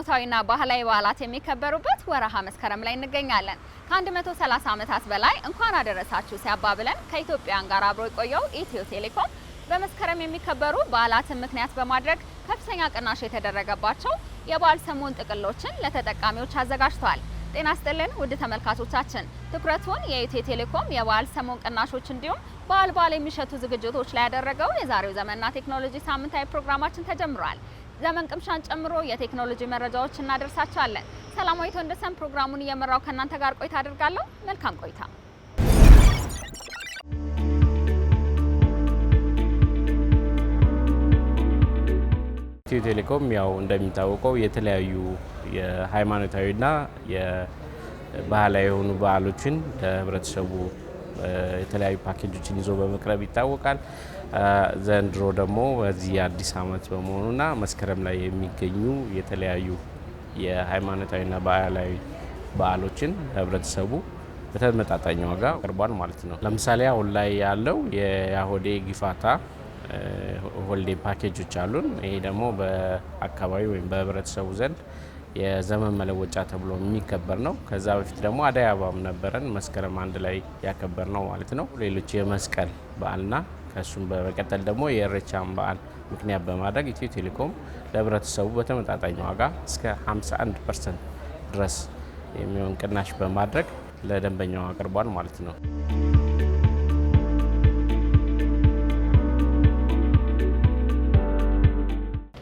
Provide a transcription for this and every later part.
ሃይማኖታዊና ባህላዊ በዓላት የሚከበሩበት ወረሃ መስከረም ላይ እንገኛለን። ከ130 ዓመታት በላይ እንኳን አደረሳችሁ ሲያባብለን ከኢትዮጵያን ጋር አብሮ የቆየው ኢትዮ ቴሌኮም በመስከረም የሚከበሩ በዓላትን ምክንያት በማድረግ ከፍተኛ ቅናሽ የተደረገባቸው የበዓል ሰሞን ጥቅሎችን ለተጠቃሚዎች አዘጋጅተዋል። ጤና ስጥልን ውድ ተመልካቾቻችን፣ ትኩረቱን የኢትዮ ቴሌኮም የበዓል ሰሞን ቅናሾች እንዲሁም በዓል በዓል የሚሸቱ ዝግጅቶች ላይ ያደረገው የዛሬው ዘመንና ቴክኖሎጂ ሳምንታዊ ፕሮግራማችን ተጀምሯል። ዘመን ቅምሻን ጨምሮ የቴክኖሎጂ መረጃዎች እናደርሳቸዋለን። ሰላማዊት ወንደሰን ፕሮግራሙን እየመራው ከእናንተ ጋር ቆይታ አድርጋለሁ። መልካም ቆይታ። ኢትዮ ቴሌኮም ያው እንደሚታወቀው የተለያዩ የሃይማኖታዊና የባህላዊ የሆኑ በዓሎችን ለህብረተሰቡ የተለያዩ ፓኬጆችን ይዞ በመቅረብ ይታወቃል። ዘንድሮ ደግሞ በዚህ የአዲስ ዓመት በመሆኑና መስከረም ላይ የሚገኙ የተለያዩ የሃይማኖታዊና ባህላዊ በዓሎችን ህብረተሰቡ በተመጣጣኝ ዋጋ ቀርቧል ማለት ነው። ለምሳሌ አሁን ላይ ያለው የአሆዴ ጊፋታ ሆሊዴ ፓኬጆች አሉን። ይሄ ደግሞ በአካባቢ ወይም በህብረተሰቡ ዘንድ የዘመን መለወጫ ተብሎ የሚከበር ነው። ከዛ በፊት ደግሞ አደይ አበባም ነበረን መስከረም አንድ ላይ ያከበር ነው ማለት ነው። ሌሎች የመስቀል በዓልና ከእሱም በመቀጠል ደግሞ የእሬቻን በዓል ምክንያት በማድረግ ኢትዮ ቴሌኮም ለህብረተሰቡ በተመጣጣኝ ዋጋ እስከ 51 ፐርሰንት ድረስ የሚሆን ቅናሽ በማድረግ ለደንበኛው አቅርቧል ማለት ነው።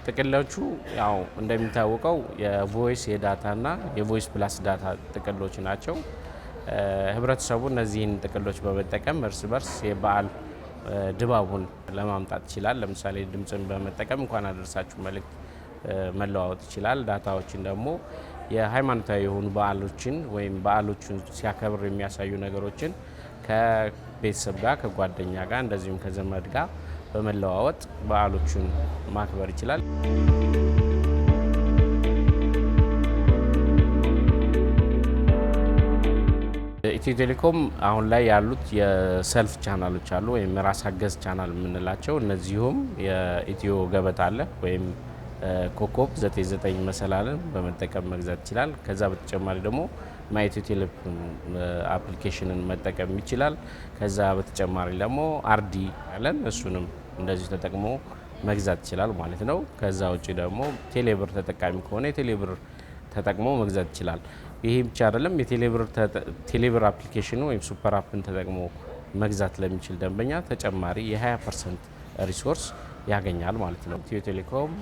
ጥቅሎቹ ያው እንደሚታወቀው የቮይስ የዳታና የቮይስ ፕላስ ዳታ ጥቅሎች ናቸው። ህብረተሰቡ እነዚህን ጥቅሎች በመጠቀም እርስ በርስ የበዓል ድባቡን ለማምጣት ይችላል። ለምሳሌ ድምፅን በመጠቀም እንኳን አደረሳችሁ መልእክት መለዋወጥ ይችላል። ዳታዎችን ደግሞ የሃይማኖታዊ የሆኑ በዓሎችን ወይም በዓሎችን ሲያከብር የሚያሳዩ ነገሮችን ከቤተሰብ ጋር ከጓደኛ ጋር እንደዚሁም ከዘመድ ጋር በመለዋወጥ በዓሎቹን ማክበር ይችላል። ኢትዮ ቴሌኮም አሁን ላይ ያሉት የሰልፍ ቻናሎች አሉ ወይም ራስ አገዝ ቻናል የምንላቸው እነዚሁም የኢትዮ ገበታ አለ ወይም ኮከብ 99 መሰላልን በመጠቀም መግዛት ይችላል። ከዛ በተጨማሪ ደግሞ ማኢትዮ ቴሌኮም አፕሊኬሽንን መጠቀም ይችላል። ከዛ በተጨማሪ ደግሞ አርዲ አለን እሱንም እንደዚሁ ተጠቅሞ መግዛት ይችላል ማለት ነው። ከዛ ውጭ ደግሞ ቴሌብር ተጠቃሚ ከሆነ የቴሌብር ተጠቅሞ መግዛት ይችላል። ይሄ ብቻ አይደለም። የቴሌብር አፕሊኬሽን ወይም ሱፐር አፕን ተጠቅሞ መግዛት ለሚችል ደንበኛ ተጨማሪ የ20 ፐርሰንት ሪሶርስ ያገኛል ማለት ነው። ኢትዮ ቴሌኮም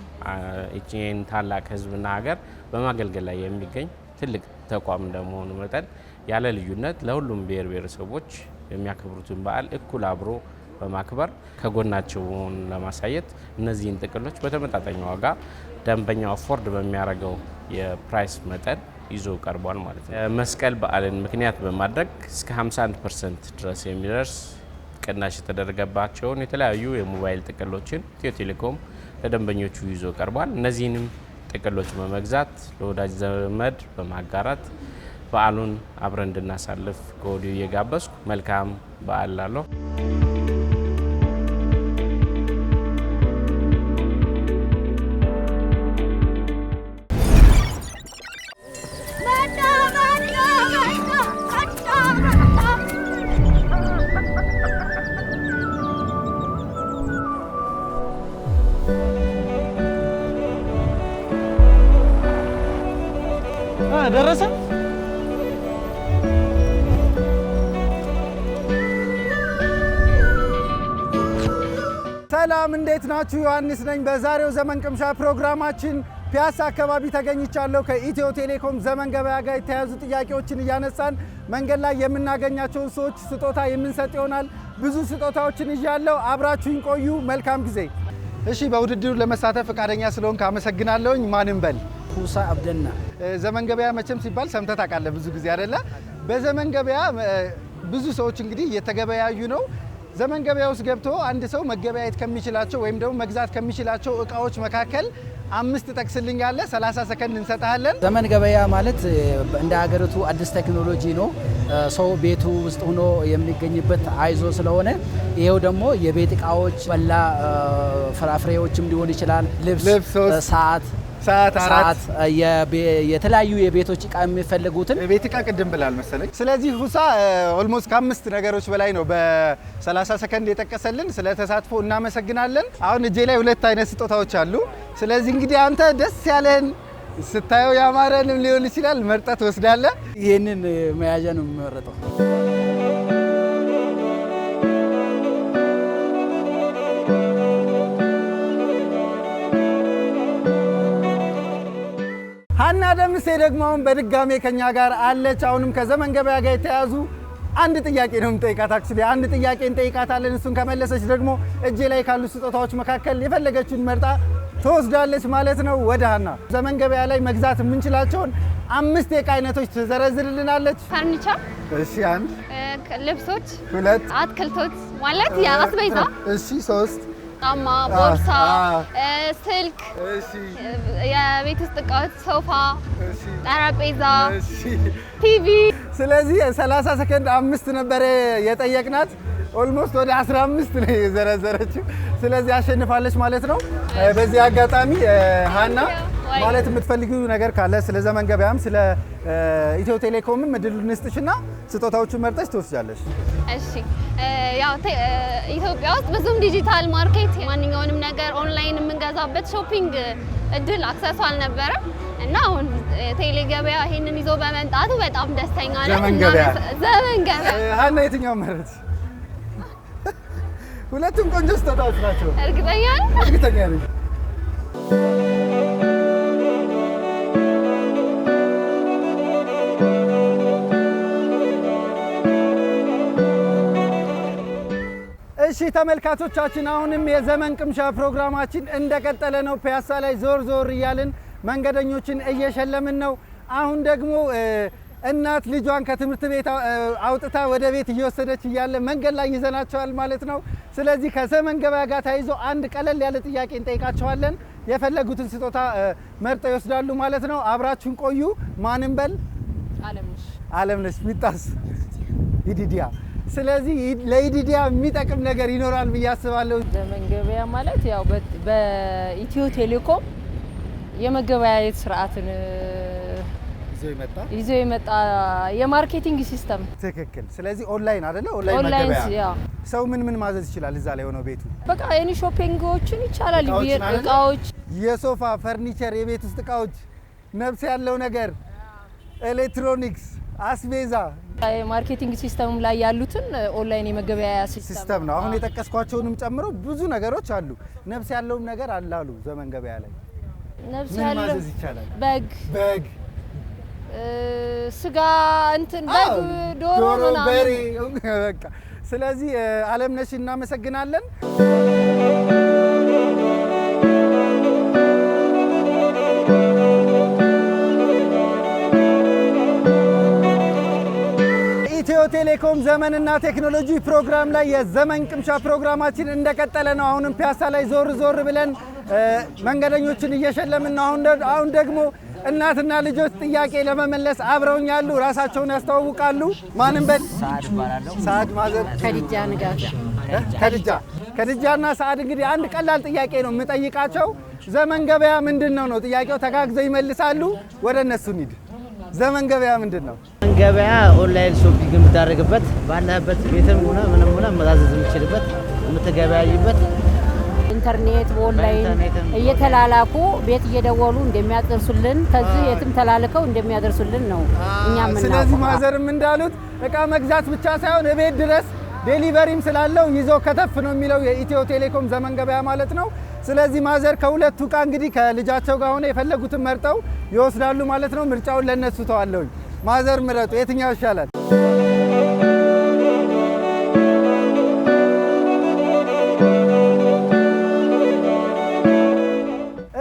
ይህን ታላቅ ሕዝብና ሀገር በማገልገል ላይ የሚገኝ ትልቅ ተቋም እንደመሆኑ መጠን ያለ ልዩነት ለሁሉም ብሔር ብሔረሰቦች የሚያከብሩትን በዓል እኩል አብሮ በማክበር ከጎናቸው መሆኑን ለማሳየት እነዚህን ጥቅሎች በተመጣጣኝ ዋጋ ደንበኛው አፎርድ በሚያደርገው የፕራይስ መጠን ይዞ ቀርቧል ማለት ነው። መስቀል በዓልን ምክንያት በማድረግ እስከ 51 ፐርሰንት ድረስ የሚደርስ ቅናሽ የተደረገባቸውን የተለያዩ የሞባይል ጥቅሎችን ኢትዮ ቴሌኮም ለደንበኞቹ ይዞ ቀርቧል። እነዚህንም ጥቅሎች በመግዛት ለወዳጅ ዘመድ በማጋራት በዓሉን አብረን እንድናሳልፍ ከወዲሁ እየጋበዝኩ መልካም በዓል ላለሁ ሰላም እንዴት ናችሁ? ዮሐንስ ነኝ። በዛሬው ዘመን ቅምሻ ፕሮግራማችን ፒያሳ አካባቢ ተገኝቻለሁ። ከኢትዮ ቴሌኮም ዘመን ገበያ ጋር የተያያዙ ጥያቄዎችን እያነሳን መንገድ ላይ የምናገኛቸውን ሰዎች ስጦታ የምንሰጥ ይሆናል። ብዙ ስጦታዎችን እያለው አብራችሁኝ ቆዩ። መልካም ጊዜ። እሺ፣ በውድድሩ ለመሳተፍ ፈቃደኛ ስለሆንክ አመሰግናለሁኝ። ማንም በል ሁሳ አብደና። ዘመን ገበያ መቼም ሲባል ሰምተህ ታውቃለህ ብዙ ጊዜ አይደለ? በዘመን ገበያ ብዙ ሰዎች እንግዲህ እየተገበያዩ ነው። ዘመን ገበያ ውስጥ ገብቶ አንድ ሰው መገበያየት ከሚችላቸው ወይም ደግሞ መግዛት ከሚችላቸው እቃዎች መካከል አምስት ጠቅስልኝ ያለ 30 ሰከንድ እንሰጥሃለን። ዘመን ገበያ ማለት እንደ ሀገሪቱ አዲስ ቴክኖሎጂ ነው። ሰው ቤቱ ውስጥ ሆኖ የሚገኝበት አይዞ ስለሆነ ይሄው ደግሞ የቤት እቃዎች በላ ፍራፍሬዎችም ሊሆን ይችላል፣ ልብስ፣ ሰዓት ሰዓት የተለያዩ የቤቶች እቃ የሚፈልጉትን ቤት እቃ ቅድም ብላል መሰለኝ። ስለዚህ ሁሳ ኦልሞስት ከአምስት ነገሮች በላይ ነው በ30 ሰከንድ የጠቀሰልን። ስለ ተሳትፎ እናመሰግናለን። አሁን እጄ ላይ ሁለት አይነት ስጦታዎች አሉ። ስለዚህ እንግዲህ አንተ ደስ ያለህን ስታየው ያማረንም ሊሆን ይችላል መርጠት ወስዳለ። ይህንን መያዣ ነው የሚመረጠው። ደግሞ አሁን በድጋሜ ከኛ ጋር አለች። አሁንም ከዘመን ገበያ ጋር የተያዙ አንድ ጥያቄ ነው የምንጠይቃት። አክቹዋሊ አንድ ጥያቄ እንጠይቃታለን። እሱን ከመለሰች ደግሞ እጄ ላይ ካሉ ስጦታዎች መካከል የፈለገችውን መርጣ ትወስዳለች ማለት ነው። ወደ ሀና ዘመን ገበያ ላይ መግዛት የምንችላቸውን አምስት የእቃ አይነቶች ትዘረዝርልናለች። ፈርኒቸር፣ እሺ፣ አንድ ልብሶች፣ ሁለት አትክልቶች ማለት የአስቤዛ፣ እሺ፣ ሶስት ጫማ፣ ቦርሳ፣ ስልክ፣ የቤት ውስጥ እቃዎች፣ ሶፋ፣ ጠረጴዛ፣ ቲቪ። ስለዚህ 30 ሰከንድ አምስት ነበረ የጠየቅናት ኦልሞስት ወደ 15 ነው የዘረዘረችው። ስለዚህ አሸንፋለች ማለት ነው። በዚህ አጋጣሚ ሀና ማለት የምትፈልጊው ነገር ካለ ስለ ዘመን ገበያም ስለ ኢትዮ ቴሌኮምም እድሉን እንስጥሽና ስጦታዎቹን መርጠሽ ትወስጃለሽ። እሺ ያው ኢትዮጵያ ውስጥ ብዙም ዲጂታል ማርኬት ማንኛውንም ነገር ኦንላይን የምንገዛበት ሾፒንግ እድል አክሰሱ አልነበረም እና አሁን ቴሌ ገበያ ይሄንን ይዞ በመምጣቱ በጣም ደስተኛ ነን። ዘመን ገበያ ዘመን ገበያ ሀና የትኛው መረት? ሁለቱም ቆንጆ ስጦታዎች ናቸው። እርግጠኛ ነኝ እርግጠኛ ነኝ። እሺ ተመልካቾቻችን አሁንም የዘመን ቅምሻ ፕሮግራማችን እንደቀጠለ ነው። ፒያሳ ላይ ዞር ዞር እያልን መንገደኞችን እየሸለምን ነው። አሁን ደግሞ እናት ልጇን ከትምህርት ቤት አውጥታ ወደ ቤት እየወሰደች እያለ መንገድ ላይ ይዘናቸዋል ማለት ነው። ስለዚህ ከዘመን ገበያ ጋር ተያይዞ አንድ ቀለል ያለ ጥያቄ እንጠይቃቸዋለን። የፈለጉትን ስጦታ መርጠው ይወስዳሉ ማለት ነው። አብራችሁን ቆዩ። ማንንበል አለምነሽ አለምነሽ ሚጣስ ይዲዲያ ስለዚህ ለኢዲዲያ የሚጠቅም ነገር ይኖራል ብዬ አስባለሁ። ዘመን ማለት ያው በኢትዮ ቴሌኮም የመገበያየት ስርዓትን ይዞ የመጣ የማርኬቲንግ ሲስተም ትክክል። ስለዚህ ኦንላይን አደለ? ኦንላይን ሰው ምን ምን ማዘዝ ይችላል? እዛ ላይ ሆነው ቤቱ በቃ ኤኒ ሾፒንጎችን ይቻላል። እቃዎች፣ የሶፋ ፈርኒቸር፣ የቤት ውስጥ እቃዎች፣ ነፍስ ያለው ነገር ኤሌክትሮኒክስ አስቤዛ ማርኬቲንግ ሲስተም ላይ ያሉትን ኦንላይን የመገበያያ ሲስተም ነው። አሁን የጠቀስኳቸውንም ጨምሮ ብዙ ነገሮች አሉ። ነፍስ ያለውም ነገር አላሉ ዘመን ገበያ ላይ ነብስ ያለው በግ በግ ስጋ እንትን በግ ዶሮ፣ በሬ በቃ። ስለዚህ አለምነሽ እናመሰግናለን። ቴሌኮም ዘመንና ቴክኖሎጂ ፕሮግራም ላይ የዘመን ቅምሻ ፕሮግራማችን እንደቀጠለ ነው። አሁንም ፒያሳ ላይ ዞር ዞር ብለን መንገደኞችን እየሸለምን ነው። አሁን ደግሞ እናትና ልጆች ጥያቄ ለመመለስ አብረውኝ ያሉ ራሳቸውን ያስተዋውቃሉ። ማንም በል ሰዓድ ማዘር ከድጃ ንጋት ከድጃ ከድጃና ሰዓድ እንግዲህ አንድ ቀላል ጥያቄ ነው የምጠይቃቸው። ዘመን ገበያ ምንድን ነው ነው ጥያቄው። ተጋግዘው ይመልሳሉ። ወደ እነሱ እንሂድ። ዘመን ገበያ ምንድን ነው? ገበያ ኦንላይን ሾፒንግ የምታደርግበት ባለበት ቤትም ሆነ ምንም ሆነ መዛዘዝ የምችልበት የምትገበያይበት ኢንተርኔት በኦንላይን እየተላላኩ ቤት እየደወሉ እንደሚያደርሱልን ከዚህ የትም ተላልከው እንደሚያደርሱልን ነው እኛ ስለዚህ ማዘርም እንዳሉት እቃ መግዛት ብቻ ሳይሆን እቤት ድረስ ዴሊቨሪም ስላለው ይዞ ከተፍ ነው የሚለው የኢትዮ ቴሌኮም ዘመን ገበያ ማለት ነው። ስለዚህ ማዘር ከሁለቱ እቃ እንግዲህ ከልጃቸው ጋር ሆነ የፈለጉትን መርጠው ይወስዳሉ ማለት ነው። ምርጫውን ለነሱ ተዋለውኝ። ማዘር ምረጡ፣ የትኛው ይሻላል?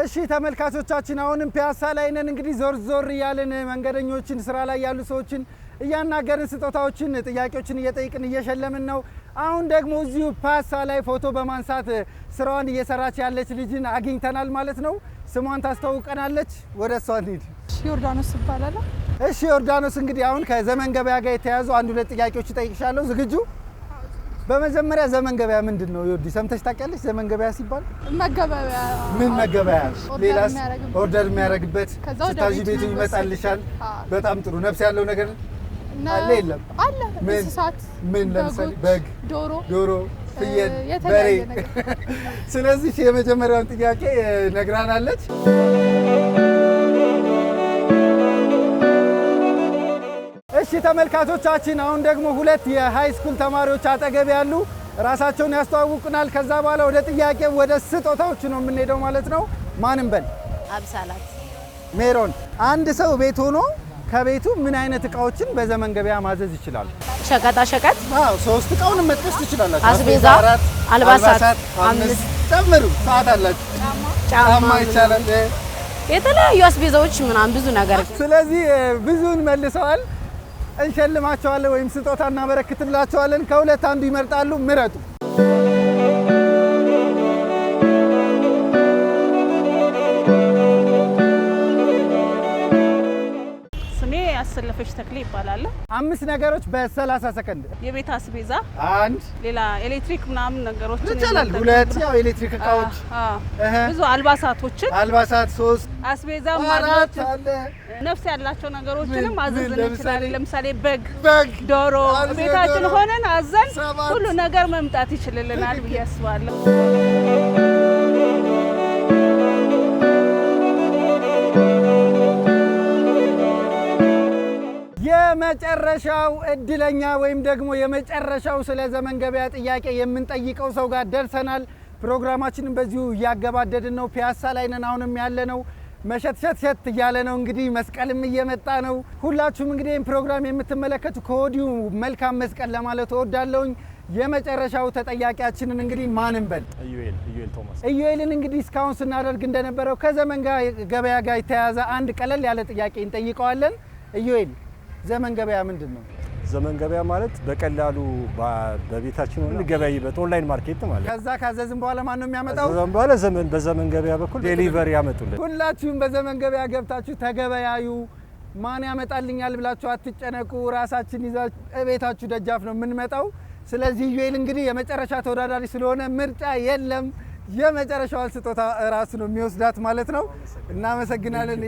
እሺ ተመልካቾቻችን አሁንም ፒያሳ ላይ ነን። እንግዲህ ዞር ዞር እያለን መንገደኞችን፣ ስራ ላይ ያሉ ሰዎችን እያናገርን ስጦታዎችን፣ ጥያቄዎችን እየጠይቅን እየሸለምን ነው። አሁን ደግሞ እዚሁ ፓሳ ላይ ፎቶ በማንሳት ስራዋን እየሰራች ያለች ልጅን አግኝተናል ማለት ነው። ስሟን ታስተዋውቀናለች። ወደ እሷ እንሂድ። ዮርዳኖስ ይባላል። እሺ ዮርዳኖስ፣ እንግዲህ አሁን ከዘመን ገበያ ጋር የተያዙ አንድ ሁለት ጥያቄዎች እጠይቅሻለሁ። ዝግጁ? በመጀመሪያ ዘመን ገበያ ምንድን ነው? ዮርዲ ሰምተሽ ታውቂያለሽ? ዘመን ገበያ ሲባል መገበያ ምን መገበያ፣ ሌላስ ኦርደር የሚያደርግበት ስታዥ ቤቱ ይመጣልሻል። በጣም ጥሩ ነፍስ ያለው ነገር አለ የለም አለ እንስሳት ምን ለምሳሌ በግ፣ ዶሮ ዶሮ፣ ፍየል፣ በሬ። ስለዚህ የመጀመሪያውን ጥያቄ ነግራናለች። እሺ ተመልካቾቻችን፣ አሁን ደግሞ ሁለት የሃይ ስኩል ተማሪዎች አጠገብ ያሉ ራሳቸውን ያስተዋውቁናል። ከዛ በኋላ ወደ ጥያቄ ወደ ስጦታዎች ነው የምንሄደው ማለት ነው። ማንም በል አብሳላት ሜሮን አንድ ሰው ቤት ሆኖ ከቤቱ ምን አይነት እቃዎችን በዘመን ገበያ ማዘዝ ይችላል? ሸቀጣ ሸቀጥ ሶስት እቃውን መጥቀስ ትችላላችሁ። አስቤዛ፣ አልባሳት፣ አምስት ጨምሩ። ሰዓት አላችሁ። ጫማ ይቻላል። የተለያዩ አስቤዛዎች ምናምን ብዙ ነገር። ስለዚህ ብዙውን መልሰዋል። እንሸልማቸዋለን ወይም ስጦታ እናበረክትላቸዋለን። ከሁለት አንዱ ይመርጣሉ። ምረጡ። አሰለፈች ተክሌ ይባላል አምስት ነገሮች በሰላሳ ሰከንድ። የቤት አስቤዛ አንድ፣ ሌላ ኤሌክትሪክ ምናምን ነገሮች ይቻላል ሁለት፣ ያው ኤሌክትሪክ እቃዎች ብዙ፣ አልባሳቶችን አልባሳት ሶስት፣ አስቤዛ አራት ነፍስ ያላቸው ነገሮችንም አዘዝን ይችላል። ለምሳሌ በግ በግ፣ ዶሮ ቤታችን ሆነን አዘን ሁሉ ነገር መምጣት ይችልልናል ብዬ አስባለሁ። የመጨረሻው እድለኛ ወይም ደግሞ የመጨረሻው ስለ ዘመን ገበያ ጥያቄ የምንጠይቀው ሰው ጋር ደርሰናል። ፕሮግራማችንን በዚሁ እያገባደድን ነው። ፒያሳ ላይ ነን አሁንም ያለ ነው። መሸትሸት ሸት እያለ ነው እንግዲህ መስቀልም እየመጣ ነው። ሁላችሁም እንግዲህ ይህን ፕሮግራም የምትመለከቱ ከወዲሁ መልካም መስቀል ለማለት እወዳለሁኝ። የመጨረሻው ተጠያቂያችንን እንግዲህ ማንም በል ኢዩኤልን እንግዲህ እስካሁን ስናደርግ እንደነበረው ከዘመን ገበያ ጋር የተያያዘ አንድ ቀለል ያለ ጥያቄ እንጠይቀዋለን። ኢዩኤል ዘመን ገበያ ምንድን ነው? ዘመን ገበያ ማለት በቀላሉ በቤታችን ሆነ ገበያይበት ኦንላይን ማርኬት ማለት። ከዛ ካዘዝን በኋላ ማን ነው የሚያመጣው? ከዛም በኋላ ዘመን በዘመን ገበያ በኩል ዴሊቨሪ ያመጡልን። ሁላችሁም በዘመን ገበያ ገብታችሁ ተገበያዩ። ማን ያመጣልኛል ብላችሁ አትጨነቁ። ራሳችን ይዛ ቤታችሁ ደጃፍ ነው የምንመጣው። ስለዚህ ዩኤል እንግዲህ የመጨረሻ ተወዳዳሪ ስለሆነ ምርጫ የለም። የመጨረሻዋን ስጦታ እራሱ ነው የሚወስዳት ማለት ነው። እናመሰግናለን።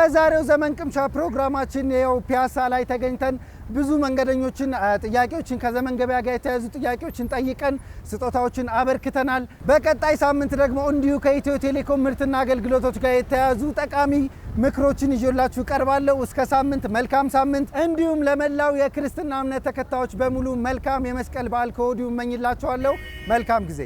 በዛሬው ዘመን ቅምሻ ፕሮግራማችን ያው ፒያሳ ላይ ተገኝተን ብዙ መንገደኞችን ጥያቄዎችን ከዘመን ገበያ ጋር የተያዙ ጥያቄዎችን ጠይቀን ስጦታዎችን አበርክተናል። በቀጣይ ሳምንት ደግሞ እንዲሁ ከኢትዮ ቴሌኮም ምርትና አገልግሎቶች ጋር የተያዙ ጠቃሚ ምክሮችን ይዤላችሁ ቀርባለሁ። እስከ ሳምንት መልካም ሳምንት። እንዲሁም ለመላው የክርስትና እምነት ተከታዮች በሙሉ መልካም የመስቀል በዓል ከወዲሁ እመኝላችኋለሁ። መልካም ጊዜ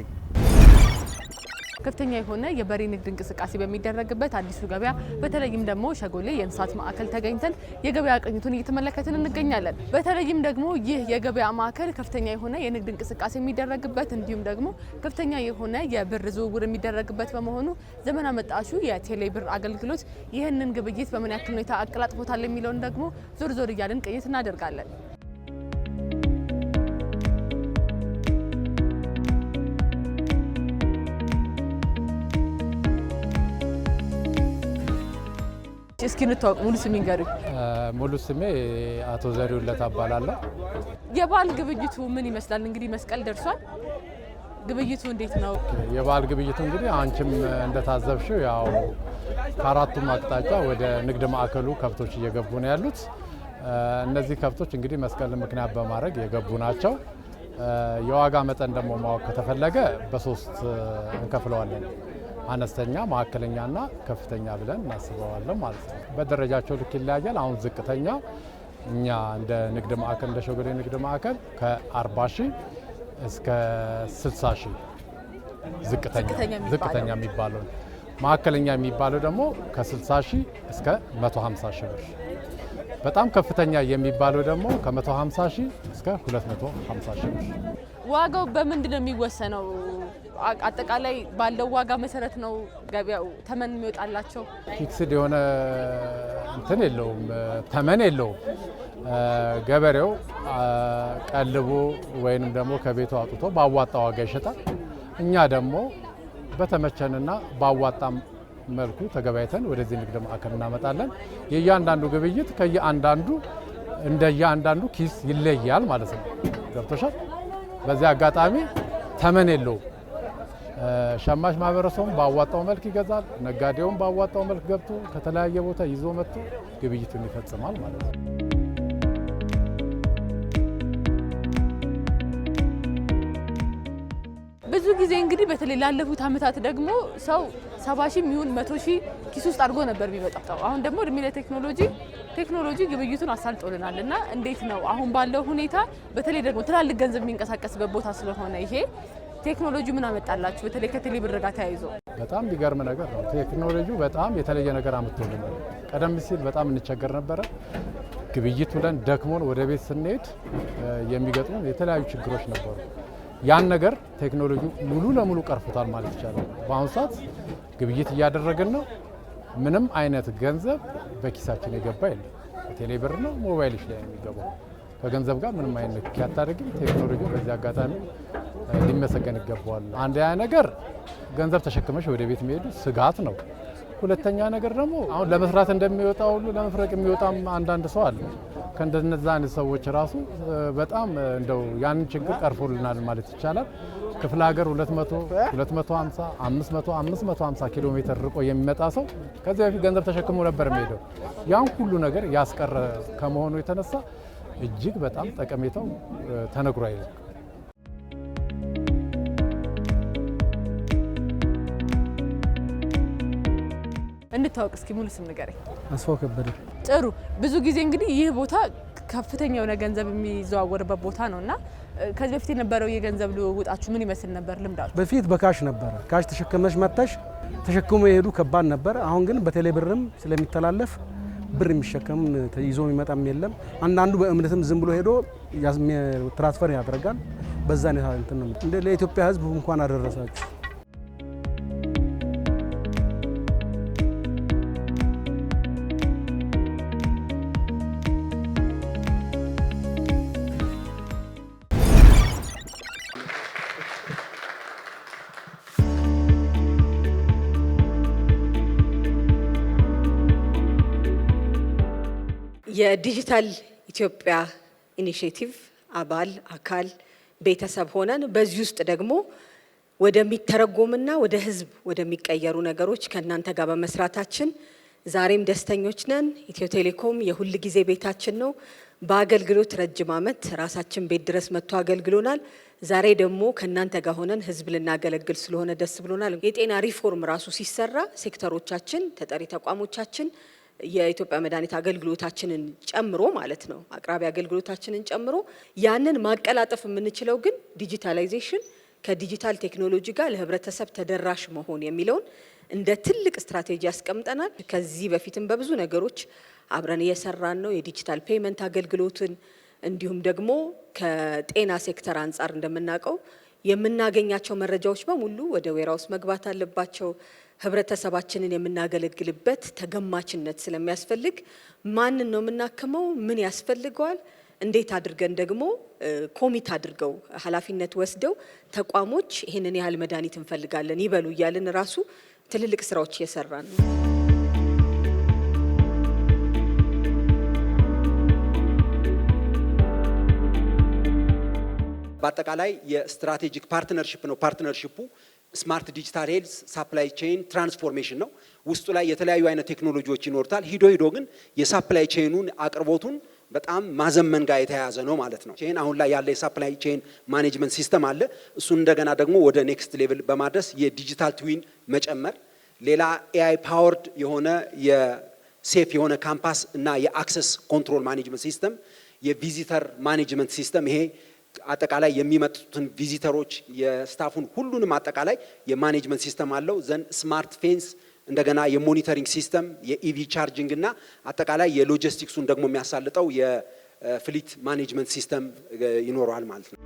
ከፍተኛ የሆነ የበሬ ንግድ እንቅስቃሴ በሚደረግበት አዲሱ ገበያ በተለይም ደግሞ ሸጎሌ የእንስሳት ማዕከል ተገኝተን የገበያ ቅኝቱን እየተመለከትን እንገኛለን። በተለይም ደግሞ ይህ የገበያ ማዕከል ከፍተኛ የሆነ የንግድ እንቅስቃሴ የሚደረግበት እንዲሁም ደግሞ ከፍተኛ የሆነ የብር ዝውውር የሚደረግበት በመሆኑ ዘመን አመጣሹ የቴሌ ብር አገልግሎት ይህንን ግብይት በምን ያክል ሁኔታ አቀላጥፎታል የሚለውን ደግሞ ዞር ዞር እያልን ቅኝት እናደርጋለን። እስኪ እንተዋወቅ። ሙሉ ስሜ ንገሪው። ሙሉ ስሜ አቶ ዘሪሁንለት እባላለሁ። የበዓል ግብይቱ ምን ይመስላል? እንግዲህ መስቀል ደርሷል። ግብይቱ እንዴት ነው? የበዓል ግብይቱ እንግዲህ አንቺም እንደታዘብሽው ያው ከአራቱም አቅጣጫ ወደ ንግድ ማዕከሉ ከብቶች እየገቡ ነው ያሉት። እነዚህ ከብቶች እንግዲህ መስቀልን ምክንያት በማድረግ የገቡ ናቸው። የዋጋ መጠን ደግሞ ማወቅ ከተፈለገ በሶስት እንከፍለዋለን። አነስተኛ፣ መካከለኛና ከፍተኛ ብለን እናስበዋለን ማለት ነው። በደረጃቸው ልክ ይለያያል። አሁን ዝቅተኛ እኛ እንደ ንግድ ማዕከል እንደ ሸጎሌ ንግድ ማዕከል ከ40 ሺህ እስከ 60 ሺህ ዝቅተኛ የሚባለው መካከለኛ የሚባለው ደግሞ ከ60 ሺህ እስከ 150 ሺህ ብር፣ በጣም ከፍተኛ የሚባለው ደግሞ ከ150 ሺህ እስከ 250 ሺህ ብር። ዋጋው በምንድን ነው የሚወሰነው? አጠቃላይ ባለው ዋጋ መሰረት ነው ገበያው ተመን የሚወጣላቸው። ፊክስድ የሆነ እንትን የለውም፣ ተመን የለውም። ገበሬው ቀልቦ ወይንም ደግሞ ከቤቱ አውጥቶ ባዋጣ ዋጋ ይሸጣል። እኛ ደግሞ በተመቸንና ባዋጣ መልኩ ተገባይተን ወደዚህ ንግድ ማዕከል እናመጣለን። የእያንዳንዱ ግብይት ከየአንዳንዱ እንደ ኪስ ይለያል ማለት ነው። ገብቶሻል። በዚህ አጋጣሚ ተመን የለውም። ሸማች ማህበረሰቡም ባዋጣው መልክ ይገዛል፣ ነጋዴውም ባዋጣው መልክ ገብቶ ከተለያየ ቦታ ይዞ መጥቶ ግብይቱን ይፈጽማል ማለት ነው። ብዙ ጊዜ እንግዲህ በተለይ ላለፉት ዓመታት ደግሞ ሰው ሰባ ሺህ የሚሆን መቶ ሺህ ኪስ ውስጥ አድርጎ ነበር የሚመጣው። አሁን ደግሞ እድሜ ለቴክኖሎጂ ቴክኖሎጂ ግብይቱን አሳልጦልናል እና እንዴት ነው አሁን ባለው ሁኔታ በተለይ ደግሞ ትላልቅ ገንዘብ የሚንቀሳቀስበት ቦታ ስለሆነ ይሄ ቴክኖሎጂ ምን አመጣላችሁ? በተለይ ብር ጋር ተያይዞ በጣም ቢገርም ነገር ነው። ቴክኖሎጂ በጣም የተለየ ነገር አምጥቶልናል። ቀደም ሲል በጣም እንቸገር ነበረ። ግብይት ብለን ደክሞን ወደ ቤት ስንሄድ የሚገጥሙ የተለያዩ ችግሮች ነበሩ። ያን ነገር ቴክኖሎጂ ሙሉ ለሙሉ ቀርፎታል ማለት ይቻላል። በአሁኑ ሰዓት ግብይት እያደረግን ነው። ምንም አይነት ገንዘብ በኪሳችን የገባ የለም። ቴሌብር ነው ሞባይልሽ ላይ የሚገባው ከገንዘብ ጋር ምንም አይነት ንክኪ አታደርግም። ቴክኖሎጂ በዚህ አጋጣሚ ሊመሰገን ይገባዋል። አንደኛ ነገር ገንዘብ ተሸክመሽ ወደ ቤት የሚሄዱ ስጋት ነው። ሁለተኛ ነገር ደግሞ አሁን ለመስራት እንደሚወጣ ሁሉ ለመፍረቅ የሚወጣም አንዳንድ ሰው አለ። ከእንደነዛ አይነት ሰዎች ራሱ በጣም እንደው ያንን ችግር ቀርፎልናል ማለት ይቻላል። ክፍለ ሀገር 200 250 500 550 ኪሎ ሜትር ርቆ የሚመጣ ሰው ከዚህ በፊት ገንዘብ ተሸክሞ ነበር የሚሄደው። ያን ሁሉ ነገር ያስቀረ ከመሆኑ የተነሳ እጅግ በጣም ጠቀሜታው ተነግሮ አይልም። እንድታወቅ እስኪ ሙሉ ስም ንገረኝ። አስፋው ከበደ። ጥሩ። ብዙ ጊዜ እንግዲህ ይህ ቦታ ከፍተኛ የሆነ ገንዘብ የሚዘዋወርበት ቦታ ነው እና ከዚህ በፊት የነበረው የገንዘብ ልውውጣችሁ ምን ይመስል ነበር? ልምዳ በፊት በካሽ ነበረ። ካሽ ተሸክመሽ መጥተሽ ተሸክሞ የሄዱ ከባድ ነበር። አሁን ግን በቴሌ ብርም ስለሚተላለፍ ብር የሚሸከም ይዞ የሚመጣም የለም። አንዳንዱ በእምነትም ዝም ብሎ ሄዶ ትራንስፈር ያደርጋል። በዛ ነው እንትን ነው። ለኢትዮጵያ ሕዝብ እንኳን አደረሳችሁ። የዲጂታል ኢትዮጵያ ኢኒሽቲቭ አባል አካል ቤተሰብ ሆነን በዚህ ውስጥ ደግሞ ወደሚተረጎምና ወደ ህዝብ ወደሚቀየሩ ነገሮች ከእናንተ ጋር በመስራታችን ዛሬም ደስተኞች ነን። ኢትዮ ቴሌኮም የሁል ጊዜ ቤታችን ነው። በአገልግሎት ረጅም ዓመት ራሳችን ቤት ድረስ መጥቶ አገልግሎናል። ዛሬ ደግሞ ከእናንተ ጋር ሆነን ህዝብ ልናገለግል ስለሆነ ደስ ብሎናል። የጤና ሪፎርም ራሱ ሲሰራ ሴክተሮቻችን ተጠሪ ተቋሞቻችን የኢትዮጵያ መድኃኒት አገልግሎታችንን ጨምሮ ማለት ነው አቅራቢ አገልግሎታችንን ጨምሮ ያንን ማቀላጠፍ የምንችለው ግን ዲጂታላይዜሽን ከዲጂታል ቴክኖሎጂ ጋር ለህብረተሰብ ተደራሽ መሆን የሚለውን እንደ ትልቅ ስትራቴጂ ያስቀምጠናል። ከዚህ በፊትም በብዙ ነገሮች አብረን እየሰራን ነው። የዲጂታል ፔመንት አገልግሎትን እንዲሁም ደግሞ ከጤና ሴክተር አንጻር እንደምናውቀው የምናገኛቸው መረጃዎች በሙሉ ወደ ዌራውስ መግባት አለባቸው። ህብረተሰባችንን የምናገለግልበት ተገማችነት ስለሚያስፈልግ ማንን ነው የምናክመው? ምን ያስፈልገዋል? እንዴት አድርገን ደግሞ ኮሚት አድርገው ኃላፊነት ወስደው ተቋሞች ይህንን ያህል መድኃኒት እንፈልጋለን ይበሉ እያልን ራሱ ትልልቅ ስራዎች እየሰራ ነው። በአጠቃላይ የስትራቴጂክ ፓርትነርሽፕ ነው ፓርትነርሽፑ ስማርት ዲጂታል ሄልስ ሳፕላይ ቼን ትራንስፎርሜሽን ነው። ውስጡ ላይ የተለያዩ አይነት ቴክኖሎጂዎች ይኖርታል። ሂዶ ሂዶ ግን የሳፕላይ ቼኑን አቅርቦቱን በጣም ማዘመን ጋር የተያያዘ ነው ማለት ነው። ቼን አሁን ላይ ያለ የሳፕላይ ቼን ማኔጅመንት ሲስተም አለ። እሱን እንደገና ደግሞ ወደ ኔክስት ሌቭል በማድረስ የዲጂታል ትዊን መጨመር፣ ሌላ ኤአይ ፓወርድ የሆነ የሴፍ የሆነ ካምፓስ እና የአክሰስ ኮንትሮል ማኔጅመንት ሲስተም፣ የቪዚተር ማኔጅመንት ሲስተም ይሄ አጠቃላይ የሚመጡትን ቪዚተሮች የስታፉን ሁሉንም አጠቃላይ የማኔጅመንት ሲስተም አለው። ዘን ስማርት ፌንስ እንደገና የሞኒተሪንግ ሲስተም የኢቪ ቻርጅንግ እና አጠቃላይ የሎጂስቲክሱን ደግሞ የሚያሳልጠው የፍሊት ማኔጅመንት ሲስተም ይኖረዋል ማለት ነው።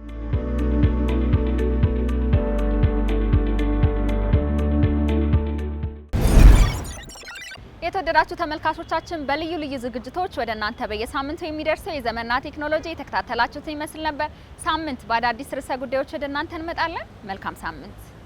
የተወደዳችሁ ተመልካቾቻችን በልዩ ልዩ ዝግጅቶች ወደ እናንተ በየሳምንቱ የሚደርሰው የዘመንና ቴክኖሎጂ የተከታተላችሁትን ይመስል ነበር። ሳምንት በአዳዲስ ርዕሰ ጉዳዮች ወደ እናንተ እንመጣለን። መልካም ሳምንት።